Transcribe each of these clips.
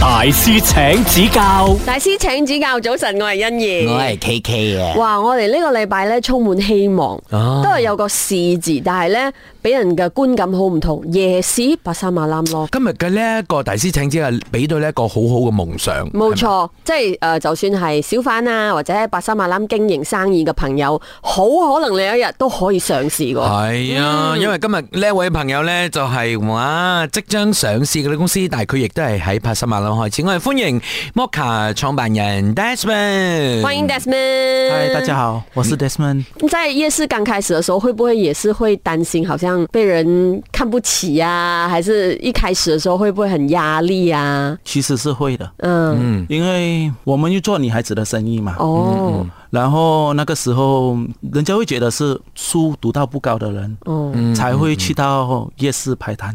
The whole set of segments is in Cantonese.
大師請指教，大師請指教。早晨，我係欣怡，我係 K K 嘅、啊、哇，我哋呢個禮拜呢，充滿希望，啊、都係有個市字，但係呢，俾人嘅觀感好唔同。夜市，白沙馬欄咯。今日嘅呢一個大師請指教，俾到呢一個好好嘅夢想。冇錯，即係誒，就算係小販啊，或者八白沙馬欄經營生意嘅朋友，好可能你有一日都可以上市嘅。係啊、嗯，因為今日呢一位朋友呢，就係、是、哇，即將上市嗰啲公司，但係佢。亦都係喺拍十萬啦開始，我歡迎摩卡創辦人 Desmond，歡迎 Desmond，嗨，Hi, 大家好，我是 Desmond。嗯。在夜市剛開始的時候，會不會也是會擔心，好像被人看不起啊？還是一開始的時候，會不會很壓力啊？其實是會的，嗯，嗯，因為我們就做女孩子的生意嘛，哦，嗯嗯，然後那個時候，人家會覺得是書讀到不高的人，哦，嗯嗯嗯，才會去到夜市排攤。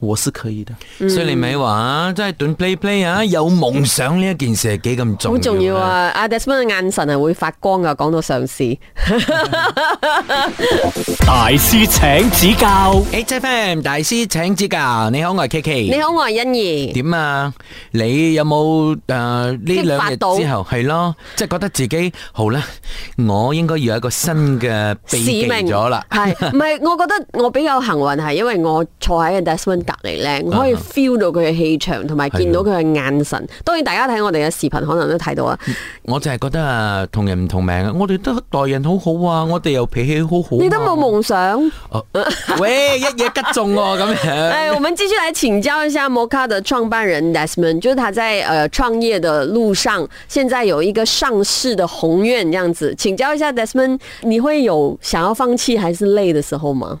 我是可以的，所以你咪話，真係短 play play 啊！有夢想呢一件事係幾咁重要？好重要啊！阿 Desmond 嘅眼神係會發光噶，講到上市，大師請指教，HFM 大師請指教，你好，我係 K K，你好，我係欣宜，點啊？你有冇誒？呢兩日之後係咯，即係覺得自己好啦，我應該要有一個新嘅使命咗啦，係唔係？我覺得我比較幸運係，因為我坐喺阿 Desmond。隔籬咧，我可以 feel 到佢嘅氣場，同埋見到佢嘅眼神。當然，大家睇我哋嘅視頻，可能都睇到啊。我就係覺得啊，同人唔同命啊。我哋都待人好好啊，我哋又脾氣好好。你都冇夢想、啊？喂， 一嘢吉中咁、啊、樣。誒、 哎，我們繼續嚟請教一下摩卡的創辦人 Desmond，就是他在誒創、呃、業的路上，現在有一個上市的宏願，這樣子。請教一下 Desmond，你會有想要放棄還是累的時候嗎？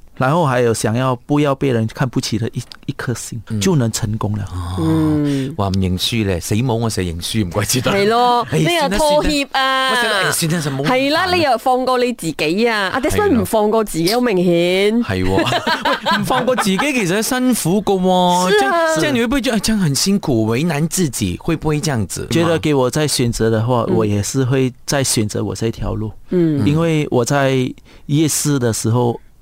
然後還有想要不要被人看不起的一一顆心，就能成功了。嗯，話唔認輸咧，誰冇我成認輸唔怪之得。係咯， 你又妥協啊？係、哎哎、啦，你又放過你自己啊？阿 Des 唔放過自己，好明顯。係，唔放過自己其實辛苦噶嘛、啊 啊。這樣你會不會覺得這樣很辛苦，為難自己？會不會這樣子？覺得給我再選擇的話，嗯、我也是會再選擇我這條路。嗯，因為我在夜市的時候。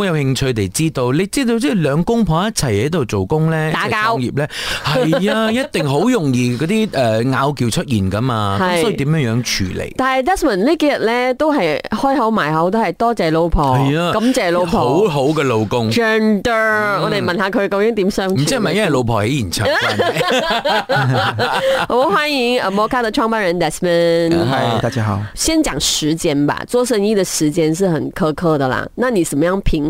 我有興趣地知道，你知道即係兩公婆一齊喺度做工咧，打交、就是、業咧，係啊， 一定好容易嗰啲誒拗撬出現噶嘛，咁 所以點樣樣處理？但係 Desmond 這幾呢幾日咧都係開口埋口都係多謝，謝老婆、啊，感謝老婆，好好嘅老公。Gender, 嗯、我哋問下佢究竟點相即唔係咪因為老婆喺現場？ 好歡迎摩卡的創辦人 d e s m a n 大家好。先講時間吧，做生意的時間是很苛刻的啦。那你怎麼樣評？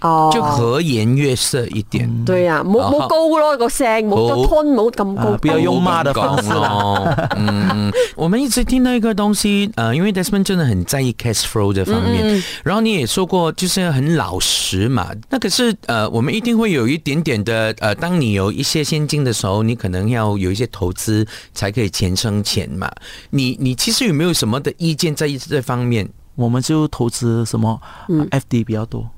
哦，就和顏悅色一點，嗯、對啊，冇冇高咯、那個聲，冇個 tone 冇咁高、哦啊，不要用罵的方式。 嗯，我們一直聽到一個東西，呃，因為 Desmond 真的很在意 cash flow 這方面嗯嗯。然後你也說過，就是很老實嘛。那可是，呃，我們一定會有一點點的，呃，當你有一些現金的時候，你可能要有一些投資才可以錢生錢嘛。你你其實有沒有什麼的意見在這方面？我們就投資什麼、呃、FD 比較多。嗯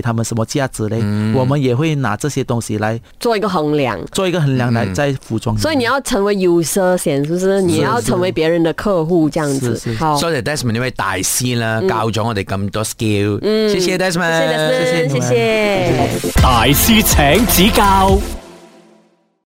他們什麼價值嘞、嗯？我們也會拿這些東西來做一個衡量，做一個衡量來在服裝、嗯。所以你要成為 user 先，是不是？是是，你要成為別人的客戶這樣子。所以、so、Desmond 呢位大師啦，教、嗯、咗我哋咁多 skill。嗯，謝謝 Desmond，，謝謝，Desmond，謝，謝, Desmond 謝，謝，謝謝，謝謝。大師請指教。